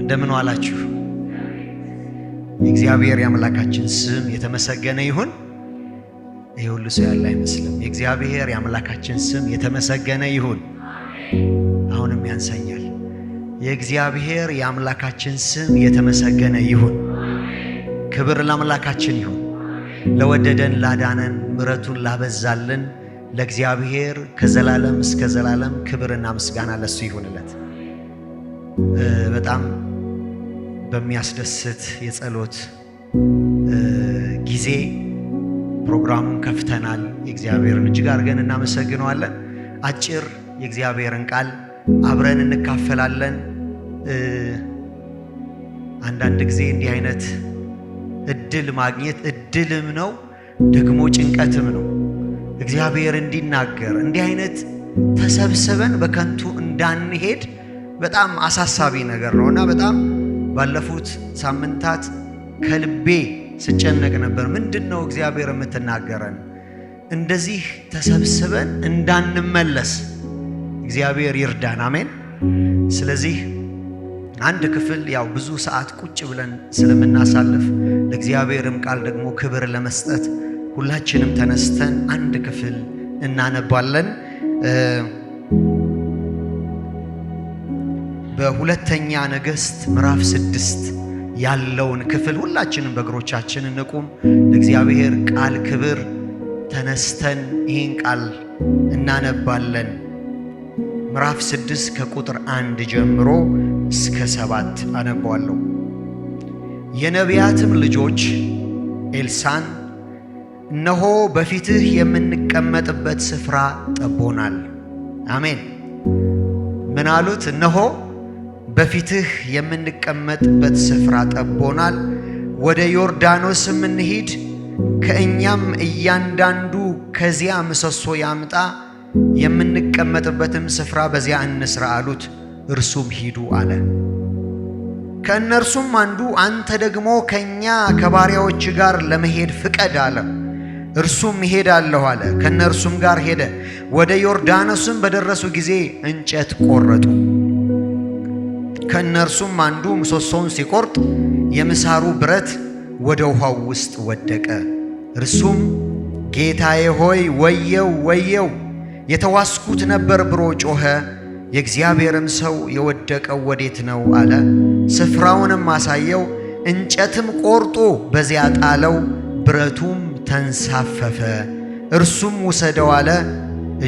እንደምን ዋላችሁ? የእግዚአብሔር የአምላካችን ስም የተመሰገነ ይሁን። ይህ ሁሉ ሰው ያለ አይመስልም። የእግዚአብሔር የአምላካችን ስም የተመሰገነ ይሁን። አሁንም ያንሰኛል። የእግዚአብሔር የአምላካችን ስም የተመሰገነ ይሁን። ክብር ለአምላካችን ይሁን። ለወደደን፣ ላዳነን፣ ምረቱን ላበዛልን ለእግዚአብሔር ከዘላለም እስከ ዘላለም ክብርና ምስጋና ለሱ ይሁንለት። በጣም በሚያስደስት የጸሎት ጊዜ ፕሮግራሙን ከፍተናል። የእግዚአብሔርን እጅግ አድርገን እናመሰግነዋለን። አጭር የእግዚአብሔርን ቃል አብረን እንካፈላለን። አንዳንድ ጊዜ እንዲህ አይነት እድል ማግኘት እድልም ነው ደግሞ ጭንቀትም ነው። እግዚአብሔር እንዲናገር እንዲህ አይነት ተሰብስበን በከንቱ እንዳንሄድ በጣም አሳሳቢ ነገር ነው እና በጣም ባለፉት ሳምንታት ከልቤ ስጨነቅ ነበር። ምንድን ነው እግዚአብሔር የምትናገረን? እንደዚህ ተሰብስበን እንዳንመለስ እግዚአብሔር ይርዳን። አሜን። ስለዚህ አንድ ክፍል ያው ብዙ ሰዓት ቁጭ ብለን ስለምናሳልፍ ለእግዚአብሔርም ቃል ደግሞ ክብር ለመስጠት ሁላችንም ተነስተን አንድ ክፍል እናነባለን። በሁለተኛ ነገሥት ምዕራፍ ስድስት ያለውን ክፍል ሁላችንም በእግሮቻችን እንቁም። ለእግዚአብሔር ቃል ክብር ተነስተን ይህን ቃል እናነባለን። ምዕራፍ ስድስት ከቁጥር አንድ ጀምሮ እስከ ሰባት አነባዋለሁ። የነቢያትም ልጆች ኤልሳን እነሆ በፊትህ የምንቀመጥበት ስፍራ ጠቦናል። አሜን። ምን አሉት? እነሆ በፊትህ የምንቀመጥበት ስፍራ ጠቦናል። ወደ ዮርዳኖስም እንሂድ፣ ከእኛም እያንዳንዱ ከዚያ ምሰሶ ያምጣ፣ የምንቀመጥበትም ስፍራ በዚያ እንስራ አሉት። እርሱም ሂዱ አለ። ከእነርሱም አንዱ አንተ ደግሞ ከእኛ ከባሪያዎች ጋር ለመሄድ ፍቀድ አለ። እርሱም እሄዳለሁ አለ። ከእነርሱም ጋር ሄደ። ወደ ዮርዳኖስም በደረሱ ጊዜ እንጨት ቆረጡ። ከእነርሱም አንዱ ምሰሶውን ሲቆርጥ የምሳሩ ብረት ወደ ውኃው ውስጥ ወደቀ። እርሱም ጌታዬ ሆይ ወየው ወየው የተዋስኩት ነበር ብሎ ጮኸ። የእግዚአብሔርም ሰው የወደቀው ወዴት ነው አለ። ስፍራውንም አሳየው። እንጨትም ቆርጦ በዚያ ጣለው፣ ብረቱም ተንሳፈፈ። እርሱም ውሰደው አለ።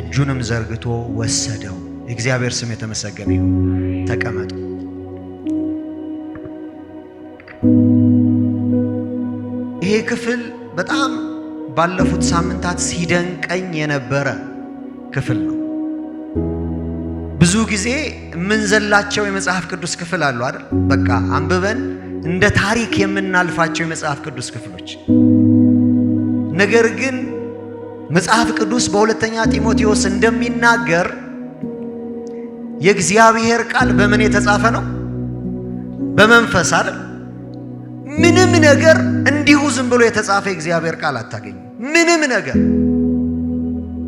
እጁንም ዘርግቶ ወሰደው። የእግዚአብሔር ስም የተመሰገነ ይሁን። ተቀመጡ። ይሄ ክፍል በጣም ባለፉት ሳምንታት ሲደንቀኝ የነበረ ክፍል ነው። ብዙ ጊዜ የምንዘላቸው የመጽሐፍ ቅዱስ ክፍል አሉ አይደል? በቃ አንብበን እንደ ታሪክ የምናልፋቸው የመጽሐፍ ቅዱስ ክፍሎች። ነገር ግን መጽሐፍ ቅዱስ በሁለተኛ ጢሞቴዎስ እንደሚናገር የእግዚአብሔር ቃል በምን የተጻፈ ነው? በመንፈስ አይደል? ምንም ነገር እንዲሁ ዝም ብሎ የተጻፈ የእግዚአብሔር ቃል አታገኝም። ምንም ነገር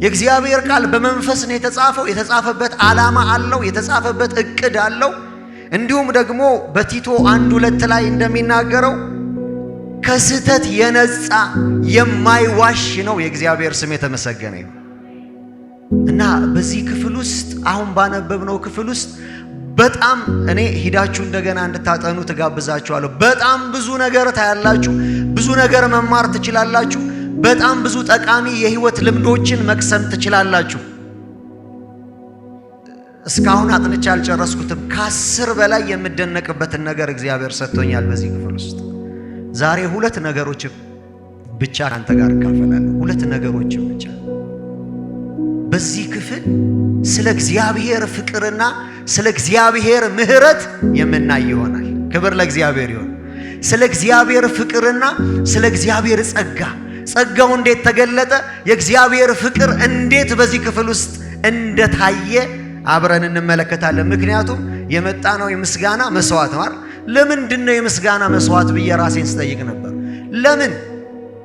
የእግዚአብሔር ቃል በመንፈስ ነው የተጻፈው። የተጻፈበት ዓላማ አለው። የተጻፈበት እቅድ አለው። እንዲሁም ደግሞ በቲቶ አንድ ሁለት ላይ እንደሚናገረው ከስህተት የነጻ የማይዋሽ ነው። የእግዚአብሔር ስም የተመሰገነ ይሁን እና በዚህ ክፍል ውስጥ አሁን ባነበብነው ክፍል ውስጥ በጣም እኔ ሂዳችሁ እንደገና እንድታጠኑ ትጋብዛችኋለሁ። በጣም ብዙ ነገር ታያላችሁ። ብዙ ነገር መማር ትችላላችሁ። በጣም ብዙ ጠቃሚ የህይወት ልምዶችን መቅሰም ትችላላችሁ። እስካሁን አጥንቼ አልጨረስኩትም። ከአስር በላይ የምደነቅበትን ነገር እግዚአብሔር ሰጥቶኛል። በዚህ ክፍል ውስጥ ዛሬ ሁለት ነገሮች ብቻ ካንተ ጋር እካፈላለሁ። ሁለት ነገሮች ብቻ በዚህ ክፍል ስለ እግዚአብሔር ፍቅርና ስለ እግዚአብሔር ምሕረት የምናይ ይሆናል። ክብር ለእግዚአብሔር ይሆን። ስለ እግዚአብሔር ፍቅርና ስለ እግዚአብሔር ጸጋ፣ ጸጋው እንዴት ተገለጠ፣ የእግዚአብሔር ፍቅር እንዴት በዚህ ክፍል ውስጥ እንደታየ አብረን እንመለከታለን። ምክንያቱም የመጣ ነው የምስጋና መስዋዕት ነው። ለምንድን ነው የምስጋና መስዋዕት ብዬ ራሴን ስጠይቅ ነበር። ለምን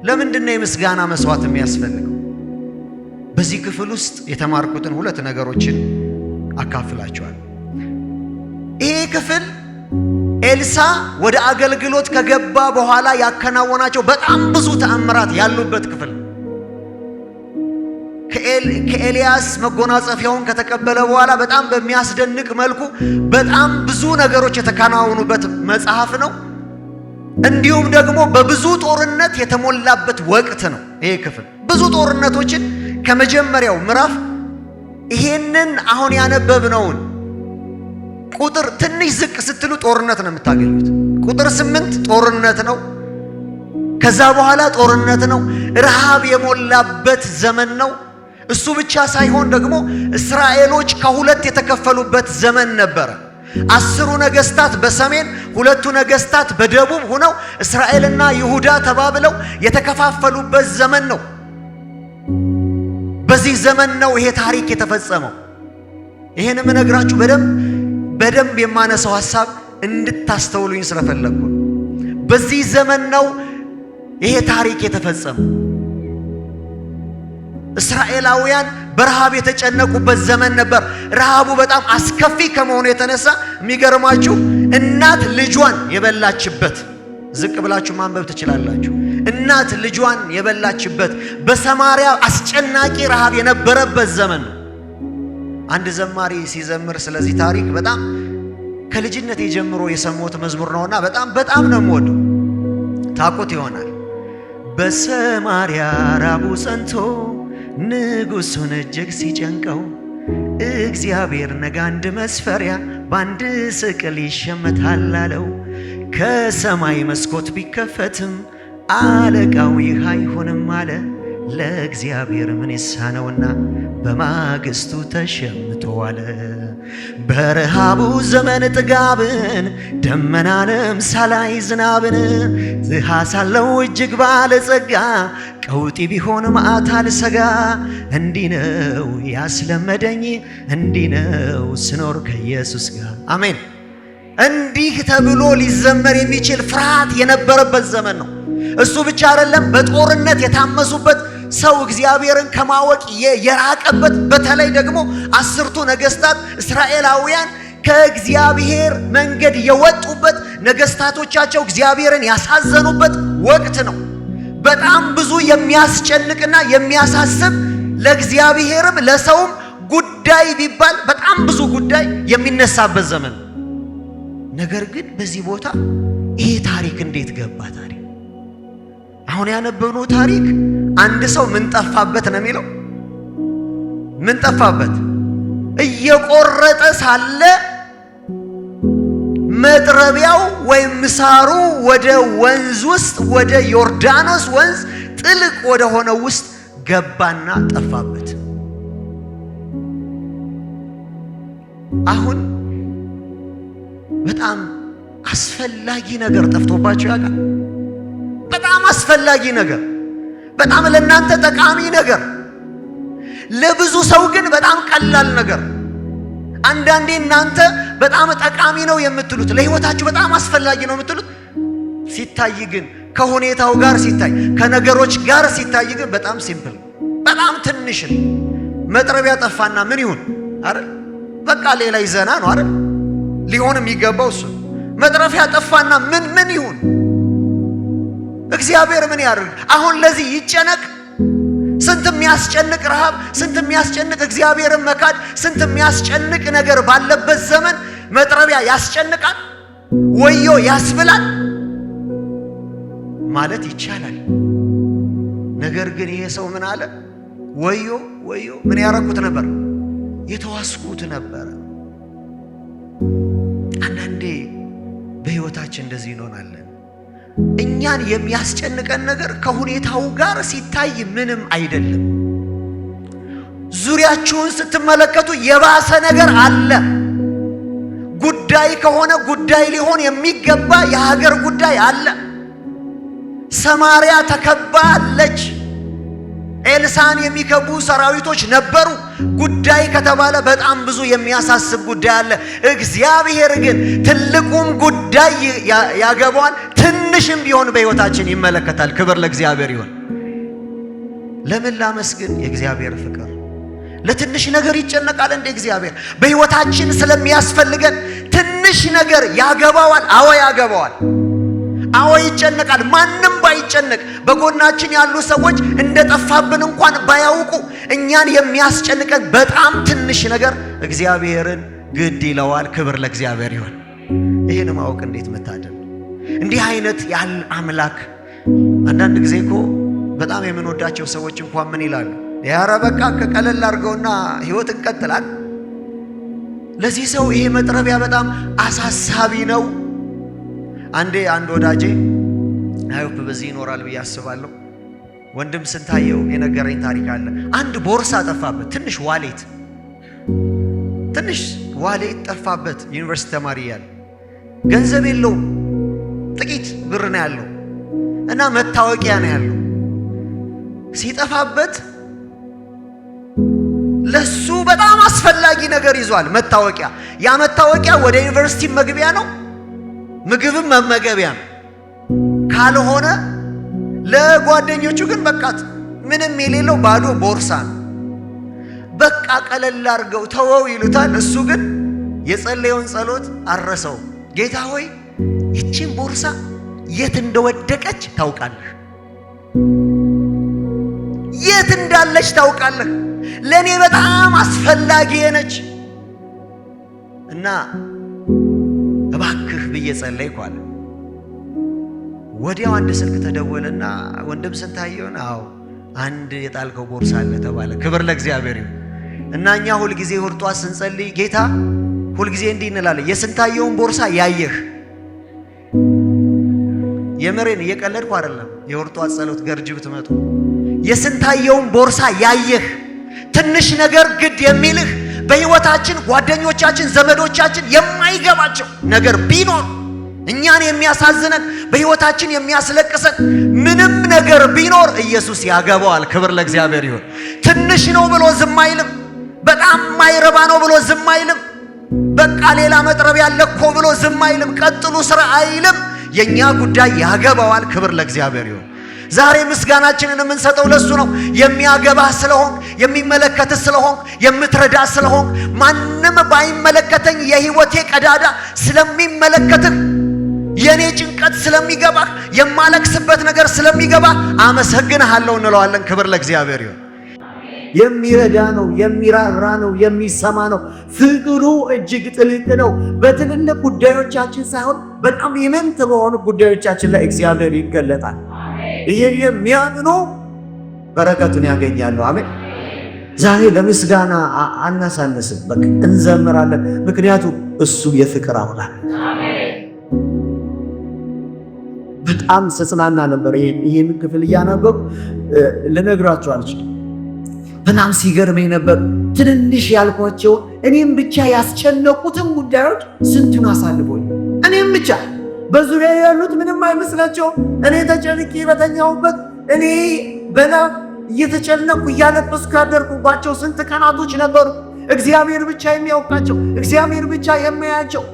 ለምንድን ነው የምስጋና መስዋዕት የሚያስፈልገው? በዚህ ክፍል ውስጥ የተማርኩትን ሁለት ነገሮችን አካፍላቸዋል። ይሄ ክፍል ኤልሳ ወደ አገልግሎት ከገባ በኋላ ያከናወናቸው በጣም ብዙ ተአምራት ያሉበት ክፍል ከኤልያስ መጎናጸፊያውን ከተቀበለ በኋላ በጣም በሚያስደንቅ መልኩ በጣም ብዙ ነገሮች የተከናወኑበት መጽሐፍ ነው። እንዲሁም ደግሞ በብዙ ጦርነት የተሞላበት ወቅት ነው። ይሄ ክፍል ብዙ ጦርነቶችን ከመጀመሪያው ምዕራፍ ይሄንን አሁን ያነበብነውን ቁጥር ትንሽ ዝቅ ስትሉ ጦርነት ነው የምታገኙት። ቁጥር ስምንት ጦርነት ነው። ከዛ በኋላ ጦርነት ነው። ረሃብ የሞላበት ዘመን ነው። እሱ ብቻ ሳይሆን ደግሞ እስራኤሎች ከሁለት የተከፈሉበት ዘመን ነበረ። አስሩ ነገስታት በሰሜን ሁለቱ ነገስታት በደቡብ ሆነው እስራኤልና ይሁዳ ተባብለው የተከፋፈሉበት ዘመን ነው። በዚህ ዘመን ነው ይሄ ታሪክ የተፈጸመው። ይሄን የምነግራችሁ በደንብ በደንብ የማነሳው ሐሳብ እንድታስተውሉኝ ስለፈለግኩ በዚህ ዘመን ነው ይሄ ታሪክ የተፈጸመው። እስራኤላውያን በረሃብ የተጨነቁበት ዘመን ነበር። ረሃቡ በጣም አስከፊ ከመሆኑ የተነሳ የሚገርማችሁ እናት ልጇን የበላችበት ዝቅ ብላችሁ ማንበብ ትችላላችሁ። እናት ልጇን የበላችበት በሰማሪያ አስጨናቂ ረሃብ የነበረበት ዘመን ነው። አንድ ዘማሪ ሲዘምር ስለዚህ ታሪክ በጣም ከልጅነት ጀምሮ የሰሞት መዝሙር ነውና በጣም በጣም ነው ሞዱ ታውቁት ይሆናል። በሰማሪያ ራቡ ጸንቶ ንጉሱን እጅግ ሲጨንቀው እግዚአብሔር ነገ አንድ መስፈሪያ በአንድ ስቅል ይሸመታል አለው። ከሰማይ መስኮት ቢከፈትም አለቃው ይህ አይሆንም አለ ለእግዚአብሔር ምን ይሳነውና በማግስቱ ተሸምቶ አለ። በረሃቡ ዘመን ጥጋብን ደመናንም ሳላይ ዝናብን ዝሃ ሳለው እጅግ ባለጸጋ ቀውጢ ቢሆን መዓት አልሰጋ። እንዲህ ነው ያስለመደኝ፣ እንዲህ ነው ስኖር ከኢየሱስ ጋር። አሜን። እንዲህ ተብሎ ሊዘመር የሚችል ፍርሃት የነበረበት ዘመን ነው። እሱ ብቻ አይደለም፣ በጦርነት የታመሱበት ሰው እግዚአብሔርን ከማወቅ የራቀበት በተለይ ደግሞ አስርቱ ነገስታት እስራኤላውያን ከእግዚአብሔር መንገድ የወጡበት ነገስታቶቻቸው እግዚአብሔርን ያሳዘኑበት ወቅት ነው። በጣም ብዙ የሚያስጨንቅና የሚያሳስብ ለእግዚአብሔርም ለሰውም ጉዳይ ቢባል በጣም ብዙ ጉዳይ የሚነሳበት ዘመን። ነገር ግን በዚህ ቦታ ይሄ ታሪክ እንዴት ገባ ታሪክ አሁን ያነበብነው ታሪክ አንድ ሰው ምን ጠፋበት ነው የሚለው። ምን ጠፋበት? እየቆረጠ ሳለ መጥረቢያው ወይም ምሳሩ ወደ ወንዝ ውስጥ ወደ ዮርዳኖስ ወንዝ ጥልቅ ወደ ሆነ ውስጥ ገባና ጠፋበት። አሁን በጣም አስፈላጊ ነገር ጠፍቶባቸው ያውቃል። በጣም አስፈላጊ ነገር፣ በጣም ለእናንተ ጠቃሚ ነገር፣ ለብዙ ሰው ግን በጣም ቀላል ነገር። አንዳንዴ እናንተ በጣም ጠቃሚ ነው የምትሉት፣ ለህይወታችሁ በጣም አስፈላጊ ነው የምትሉት ሲታይ ግን ከሁኔታው ጋር ሲታይ ከነገሮች ጋር ሲታይ ግን በጣም ሲምፕል በጣም ትንሽ መጥረቢያ ጠፋና ምን ይሁን አይደል? በቃ ሌላ ይዘና ነው አይደል? ሊሆን የሚገባው እሱ መጥረፊያ ጠፋና ምን ምን ይሁን እግዚአብሔር ምን ያድርግ? አሁን ለዚህ ይጨነቅ? ስንት የሚያስጨንቅ ረሃብ፣ ስንት የሚያስጨንቅ እግዚአብሔርን መካድ፣ ስንት የሚያስጨንቅ ነገር ባለበት ዘመን መጥረቢያ ያስጨንቃል፣ ወዮ ያስብላል ማለት ይቻላል። ነገር ግን ይሄ ሰው ምን አለ? ወዮ ወዮ! ምን ያረኩት ነበር? የተዋስኩት ነበር? አንዳንዴ በሕይወታችን እንደዚህ እንሆናለን። እኛን የሚያስጨንቀን ነገር ከሁኔታው ጋር ሲታይ ምንም አይደለም። ዙሪያችሁን ስትመለከቱ የባሰ ነገር አለ። ጉዳይ ከሆነ ጉዳይ ሊሆን የሚገባ የሀገር ጉዳይ አለ። ሰማርያ ተከባለች። ኤልሳን የሚከቡ ሰራዊቶች ነበሩ። ጉዳይ ከተባለ በጣም ብዙ የሚያሳስብ ጉዳይ አለ። እግዚአብሔር ግን ትልቁም ጉዳይ ያገባዋል፣ ትንሽም ቢሆን በሕይወታችን ይመለከታል። ክብር ለእግዚአብሔር ይሆን ለምን ላመስግን? የእግዚአብሔር ፍቅር ለትንሽ ነገር ይጨነቃል እንደ እግዚአብሔር በሕይወታችን ስለሚያስፈልገን ትንሽ ነገር ያገባዋል። አዎ ያገባዋል። አዎ ይጨነቃል። ማንም ባይጨነቅ በጎናችን ያሉ ሰዎች እንደጠፋብን እንኳን ባያውቁ እኛን የሚያስጨንቀን በጣም ትንሽ ነገር እግዚአብሔርን ግድ ይለዋል። ክብር ለእግዚአብሔር ይሆን። ይህን ማወቅ እንዴት መታደል! እንዲህ አይነት ያህል አምላክ አንዳንድ ጊዜ እኮ በጣም የምንወዳቸው ሰዎች እንኳን ምን ይላሉ? ያረ በቃ ከቀለል አድርገውና ህይወት እንቀጥላል። ለዚህ ሰው ይሄ መጥረቢያ በጣም አሳሳቢ ነው አንዴ አንድ ወዳጄ አይሁፕ በዚህ ይኖራል ብዬ አስባለሁ። ወንድም ስንታየው የነገረኝ ታሪክ አለ። አንድ ቦርሳ ጠፋበት፣ ትንሽ ዋሌት ትንሽ ዋሌት ጠፋበት። ዩኒቨርሲቲ ተማሪ ያለ ገንዘብ የለውም፣ ጥቂት ብር ነው ያለው እና መታወቂያ ነው ያለው። ሲጠፋበት ለሱ በጣም አስፈላጊ ነገር ይዟል፣ መታወቂያ። ያ መታወቂያ ወደ ዩኒቨርሲቲ መግቢያ ነው ምግብም መመገቢያ ነው። ካልሆነ ለጓደኞቹ ግን በቃት ምንም የሌለው ባዶ ቦርሳ ነው። በቃ ቀለል አድርገው ተወው ይሉታል። እሱ ግን የጸለየውን ጸሎት አረሰው። ጌታ ሆይ ይቺን ቦርሳ የት እንደወደቀች ታውቃለህ፣ የት እንዳለች ታውቃለህ። ለእኔ በጣም አስፈላጊ ነች እና እየጸለይኩ አለ። ወዲያው አንድ ስልክ ተደወለና ወንድም ስንታየውን፣ አዎ አንድ የጣልከው ቦርሳ አለ ተባለ። ክብር ለእግዚአብሔር ይሁን እና እኛ ሁልጊዜ ሁርጧ ስንጸልይ ጌታ ሁልጊዜ እንዲህ እንላለን፣ የስንታየውን ቦርሳ ያየህ። የምሬን እየቀለድኩ አይደለም። የሁርጧ ጸሎት ገርጅ ብትመጡ የስንታየውን ቦርሳ ያየህ፣ ትንሽ ነገር ግድ የሚልህ በህይወታችን ጓደኞቻችን፣ ዘመዶቻችን የማይገባቸው ነገር ቢኖር እኛን የሚያሳዝነን በሕይወታችን የሚያስለቅሰን ምንም ነገር ቢኖር ኢየሱስ ያገባዋል። ክብር ለእግዚአብሔር ይሁን። ትንሽ ነው ብሎ ዝም አይልም። በጣም ማይረባ ነው ብሎ ዝም አይልም። በቃ ሌላ መጥረብ ያለ እኮ ብሎ ዝም አይልም። ቀጥሉ ስራ አይልም። የእኛ ጉዳይ ያገባዋል። ክብር ለእግዚአብሔር ይሁን። ዛሬ ምስጋናችንን የምንሰጠው ለሱ ነው። የሚያገባህ ስለሆን የሚመለከትህ ስለሆን የምትረዳ ስለሆን ማንም ባይመለከተኝ የህይወቴ ቀዳዳ ስለሚመለከትህ የኔ ጭንቀት ስለሚገባ የማለቅስበት ነገር ስለሚገባ አመሰግንሃለሁ እንለዋለን። ክብር ለእግዚአብሔር ይሁን። የሚረዳ ነው፣ የሚራራ ነው፣ የሚሰማ ነው። ፍቅሩ እጅግ ጥልቅ ነው። በትልልቅ ጉዳዮቻችን ሳይሆን በጣም ኢምንት በሆኑ ጉዳዮቻችን ላይ እግዚአብሔር ይገለጣል። ይህ የሚያምኑ በረከቱን ያገኛሉ። አሜን። ዛሬ ለምስጋና አናሳንስ በቃ እንዘምራለን። ምክንያቱም እሱ የፍቅር አውላል በጣም ስጽናና ነበር። ይህን ክፍል እያነበብ ልነግራችሁ አልችልም። በጣም ሲገርመኝ ነበር። ትንንሽ ያልኳቸው እኔም ብቻ ያስጨነቁትን ጉዳዮች ስንቱን አሳልፎኝ እኔም ብቻ በዙሪያ ያሉት ምንም አይመስላቸው እኔ ተጨንቄ በተኛሁበት እኔ በና እየተጨነቁ እያለበስኩ ያደርጉባቸው ስንት ቀናቶች ነበሩ። እግዚአብሔር ብቻ የሚያውቃቸው፣ እግዚአብሔር ብቻ የሚያያቸው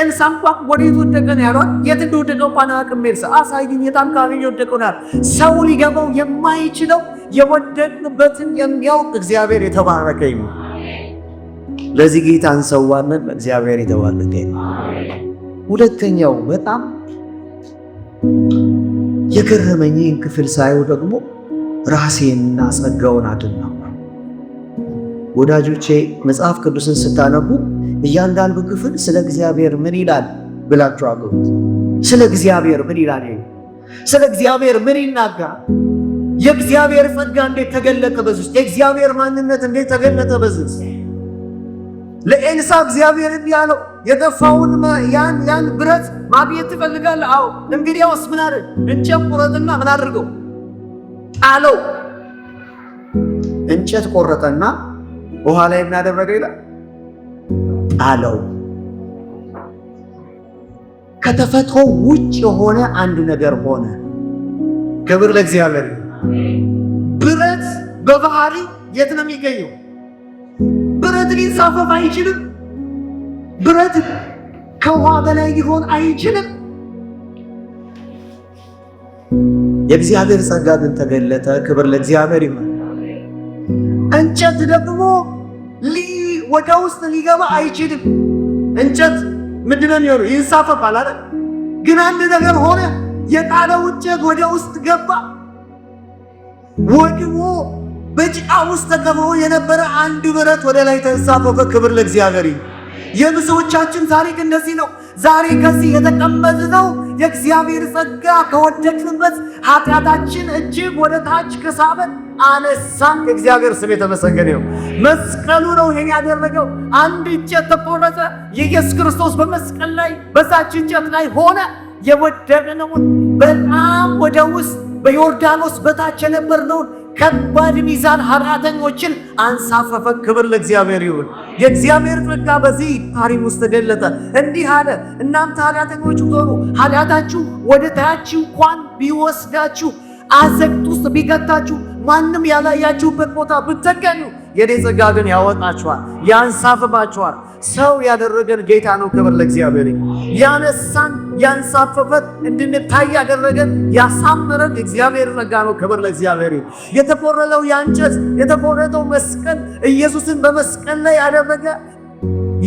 ኤልሳ እንኳን ወዴት ወደቀ ነው ያሏት። የት እንደወደቀ እንኳን አያውቅም። ኤልሳ አሳይኝ፣ የታን አካባቢ የወደቀው ነው ያሏት። ሰው ሊገባው የማይችለው የወደቅንበትን የሚያውቅ እግዚአብሔር የተባረከ ይሁን። ለዚህ ጌታ እንሰዋለን። እግዚአብሔር የተባረከ ይሁን። ሁለተኛው በጣም የገረመኝ ይህን ክፍል ሳየው ደግሞ ራሴንና ጸጋውን አድናው። ወዳጆቼ መጽሐፍ ቅዱስን ስታነቡ እያንዳንዱ ክፍል ስለ እግዚአብሔር ምን ይላል ብላችሁ አገቡት። ስለ እግዚአብሔር ምን ይላል? ስለ እግዚአብሔር ምን ይናጋ? የእግዚአብሔር ጸጋ እንዴት ተገለጠ በዚህ ውስጥ? የእግዚአብሔር ማንነት እንዴት ተገለጠ በዚህ ውስጥ? ለኤልሳ እግዚአብሔር እንዲህ ያለው የገፋውን ያን ያን ብረት ማግኘት ትፈልጋለህ? አዎ። እንግዲያውስ ምን አድርግ? እንጨት ቁረጥና ምን አድርገው? ጣለው። እንጨት ቆረጠና ውሃ ላይ ምን ይላል አለው። ከተፈጥሮ ውጭ የሆነ አንድ ነገር ሆነ። ክብር ለእግዚአብሔር። ብረት በባህሪ የት ነው የሚገኘው? ብረት ሊንሳፈፍ አይችልም። ብረት ከውሃ በላይ ሊሆን አይችልም። የእግዚአብሔር ጸጋ ግን ተገለጠ። ክብር ለእግዚአብሔር ይሁን። እንጨት ደግሞ ወደ ውስጥ ሊገባ አይችልም። እንጨት ምንድነው የሚሆነው? ይንሳፈፋል አይደል? ግን አንድ ነገር ሆነ። የጣለው እንጨት ወደ ውስጥ ገባ። ወድሞ በጭቃ ውስጥ ተቀብሮ የነበረ አንድ ብረት ወደ ላይ ተንሳፈፈ። ክብር ለእግዚአብሔር። የብዙዎቻችን ታሪክ እንደዚህ ነው። ዛሬ ከዚህ የተቀመጥነው የእግዚአብሔር ጸጋ ከወደቅንበት ኃጢአታችን እጅግ ወደ ታች ከሳበን አነሳን። እግዚአብሔር ስም የተመሰገነ ነው። መስቀሉ ነው ይሄን ያደረገው። አንድ እንጨት ተቆረጠ። የኢየሱስ ክርስቶስ በመስቀል ላይ በዛች እንጨት ላይ ሆነ። የወደቅነውን በጣም ወደ ውስጥ በዮርዳኖስ በታች የነበርነውን ከባድ ሚዛን ኃጢአተኞችን አንሳፈፈ። ክብር ለእግዚአብሔር ይሁን። የእግዚአብሔር ጸጋ በዚህ ታሪክ ውስጥ ተገለጠ። እንዲህ አለ፣ እናንተ ኃጢአተኞች ሆኑ፣ ኃጢአታችሁ ወደ ታች እንኳን ቢወስዳችሁ፣ አዘቅት ውስጥ ቢገታችሁ፣ ማንም ያላያችሁበት ቦታ ብትገኙ የኔ ጸጋ ግን ያወጣችኋል፣ ያንሳፍባችኋል። ሰው ያደረገን ጌታ ነው። ክብር ለእግዚአብሔር። ያነሳን ያንሳፈፈን እንድንታይ ያደረገን ያሳመረን እግዚአብሔር ጸጋ ነው። ክብር ለእግዚአብሔር። የተቆረጠው የእንጨት የተቆረጠው መስቀል ኢየሱስን በመስቀል ላይ ያደረገ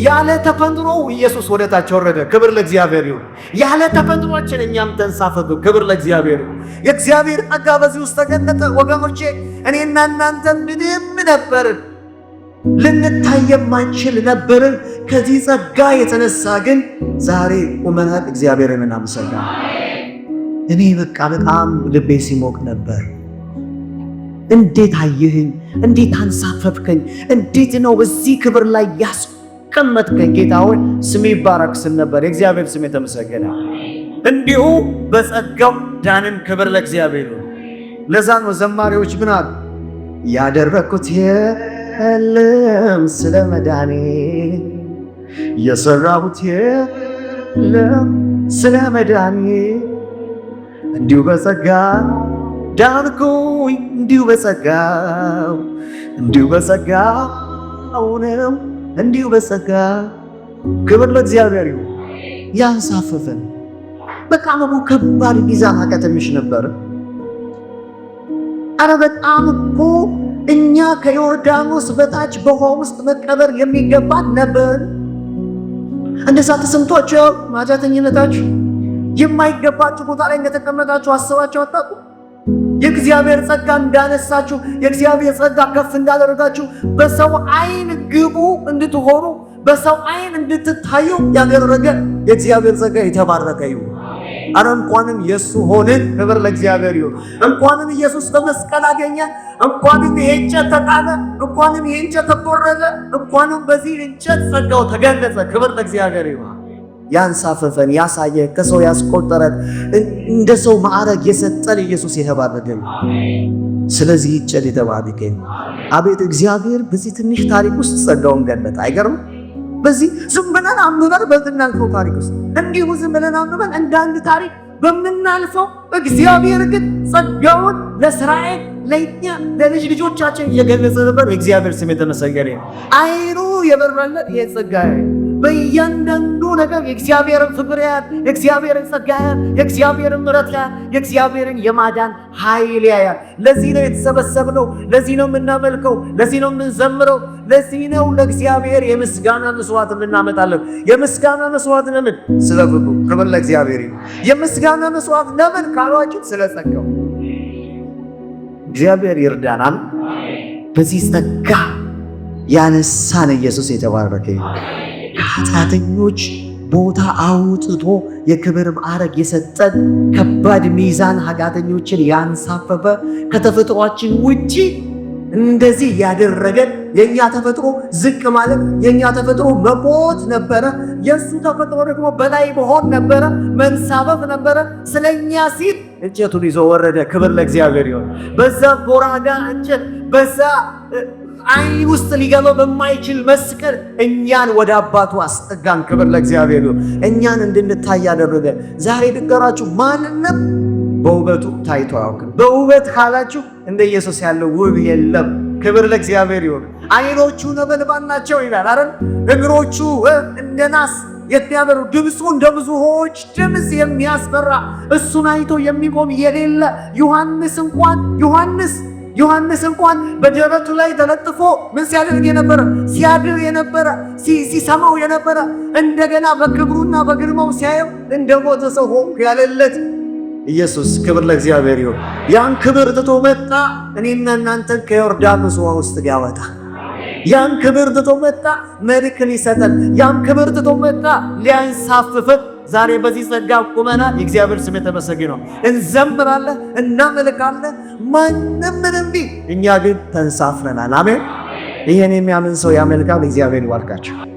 ያለ ተፈጥሮ ኢየሱስ ታች ወረደ። ክብር ለእግዚአብሔር ይሁን። ያለ ተፈጥሯችን እኛም ተንሳፈፍ። ክብር ለእግዚአብሔር ይሁን። የእግዚአብሔር ጸጋ በዚህ ውስጥ ተገለጠ። ወገኖቼ እኔና እናንተ ምንም ነበርን፣ ልንታይ የማንችል ነበርን። ከዚህ ጸጋ የተነሳ ግን ዛሬ ቁመናት እግዚአብሔርን እናመሰግናለን። እኔ በቃ በጣም ልቤ ሲሞቅ ነበር። እንዴት አየህኝ? እንዴት አንሳፈፍከኝ? እንዴት ነው በዚህ ክብር ላይ ያስ ቀመጥከኝ ጌታውን ስም ይባረክ ስል ነበር። የእግዚአብሔር ስም የተመሰገነ እንዲሁ በጸጋው ዳንን። ክብር ለእግዚአብሔር ነው። ለዛ ነው ዘማሪዎች ምን አሉ? ያደረግኩት የለም ስለ መዳኔ፣ የሰራሁት የለም ስለ መዳኔ፣ እንዲሁ በጸጋ ዳንኩኝ፣ እንዲሁ በጸጋው እንዲሁ በጸጋ አሁንም እንዲሁ በጸጋ ክብር ለእግዚአብሔር ይሁን። ያንሳፈፈን በቃ አመሙ ከባድ ሚዛን አቀተሚሽ ነበር። አረ በጣም እኮ እኛ ከዮርዳኖስ በታች በውሃ ውስጥ መቀበር የሚገባት ነበር። እንደዛ ተሰምቷቸው ማጃተኝነታችሁ የማይገባችሁ ቦታ ላይ እንደተቀመጣችሁ አስባችሁ አታውቁም? የእግዚአብሔር ጸጋ እንዳነሳችሁ የእግዚአብሔር ጸጋ ከፍ እንዳደረጋችሁ በሰው አይን ግቡ እንድትሆኑ በሰው አይን እንድትታዩ ያደረገ የእግዚአብሔር ጸጋ የተባረከ ይሁን። አረ እንኳንም የእሱ ሆንን። ክብር ለእግዚአብሔር ይሁን። እንኳንም ኢየሱስ በመስቀል አገኘ። እንኳንም ይሄ እንጨት ተጣለ። እንኳንም ይሄ እንጨት ተቆረጠ። እንኳንም በዚህ እንጨት ጸጋው ተገለጸ። ክብር ለእግዚአብሔር ይሁን። ያንሳፈፈን ያሳየ ከሰው ያስቆጠረን እንደ ሰው ማዕረግ የሰጠን ኢየሱስ የተባረከን። ስለዚህ ይጨል የተባረከ አቤት እግዚአብሔር በዚህ ትንሽ ታሪክ ውስጥ ጸጋውን ገለጠ። አይገርም? በዚህ ዝም ብለን አንብበን በምናልፈው ታሪክ ውስጥ እንዲሁ ዝም ብለን አንብበን እንደ አንድ ታሪክ በምናልፈው እግዚአብሔር ግን ጸጋውን ለእስራኤል ለእኛ ለልጅ ልጆቻችን እየገለጸ ነበር። እግዚአብሔር ስም የተመሰገነ አይኑ የበራለት ይሄ ጸጋ በእያንዳንዱ ነገር የእግዚአብሔርን ፍቅር ያያል፣ የእግዚአብሔርን ጸጋ ያያል፣ የእግዚአብሔርን ምረት ያያል፣ የእግዚአብሔርን የማዳን ኃይል ያያል። ለዚህ ነው የተሰበሰብነው፣ ለዚህ ነው የምናመልከው፣ ለዚህ ነው የምንዘምረው፣ ለዚህ ነው ለእግዚአብሔር የምስጋና መስዋዕት የምናመጣለን። የምስጋና መስዋዕት ለምን? ስለ ፍቅሩ። ክብር ለእግዚአብሔር ይሁን። የምስጋና መስዋዕት ለምን ካሏችሁ ስለ ጸጋው። እግዚአብሔር ይርዳናል። በዚህ ጸጋ ያነሳን ኢየሱስ የተባረከ ከኃጢአተኞች ቦታ አውጥቶ የክብር ማዕረግ የሰጠን ከባድ ሚዛን ኃጢአተኞችን ያንሳፈፈ ከተፈጥሯችን ውጪ እንደዚህ ያደረገን የእኛ ተፈጥሮ ዝቅ ማለት የእኛ ተፈጥሮ መሞት ነበረ። የእሱ ተፈጥሮ ደግሞ በላይ መሆን ነበረ፣ መንሳፈፍ ነበረ። ስለኛ ሲል እንጨቱን ይዞ ወረደ። ክብር ለእግዚአብሔር ይሆን። በዛ ቦራጋ እንጨት በዛ አይ ውስጥ ሊገባው በማይችል መስቀል እኛን ወደ አባቱ አስጠጋን። ክብር ለእግዚአብሔር ነው። እኛን እንድንታይ ያደረገ ዛሬ ድንገራችሁ ማንንም በውበቱ ታይቶ አያውቅም። በውበት ካላችሁ እንደ ኢየሱስ ያለው ውብ የለም። ክብር ለእግዚአብሔር ይሁን። አይኖቹ ነበልባል ናቸው ይላል አይደል? እግሮቹ እንደ ናስ የሚያበሩ ድምፁ እንደ ብዙዎች ድምፅ የሚያስፈራ እሱን አይቶ የሚቆም የሌለ ዮሐንስ እንኳን ዮሐንስ ዮሐንስ እንኳን በደረቱ ላይ ተለጥፎ ምን ሲያደርግ የነበረ ሲያድር የነበረ ሲሰማው የነበረ እንደገና በክብሩና በግርማው ሲያየው እንደ ሞተ ሰው ሆንኩ ያለለት ኢየሱስ ክብር ለእግዚአብሔር ይሁን። ያን ክብር ትቶ መጣ፣ እኔና እናንተን ከዮርዳኖስ ውሃ ውስጥ ያወጣ። ያን ክብር ትቶ መጣ፣ መልክን ይሰጠን። ያን ክብር ትቶ መጣ፣ ሊያንሳፍፈን ዛሬ በዚህ ጸጋ ቁመና የእግዚአብሔር ስም የተመሰገነ ነው። እንዘምራለን፣ እናመልካለን። ማንም ምንም ቢል እኛ ግን ተንሳፍረናል። አሜን። ይህን የሚያምን ሰው ያመልካል። እግዚአብሔር ይባርካቸው።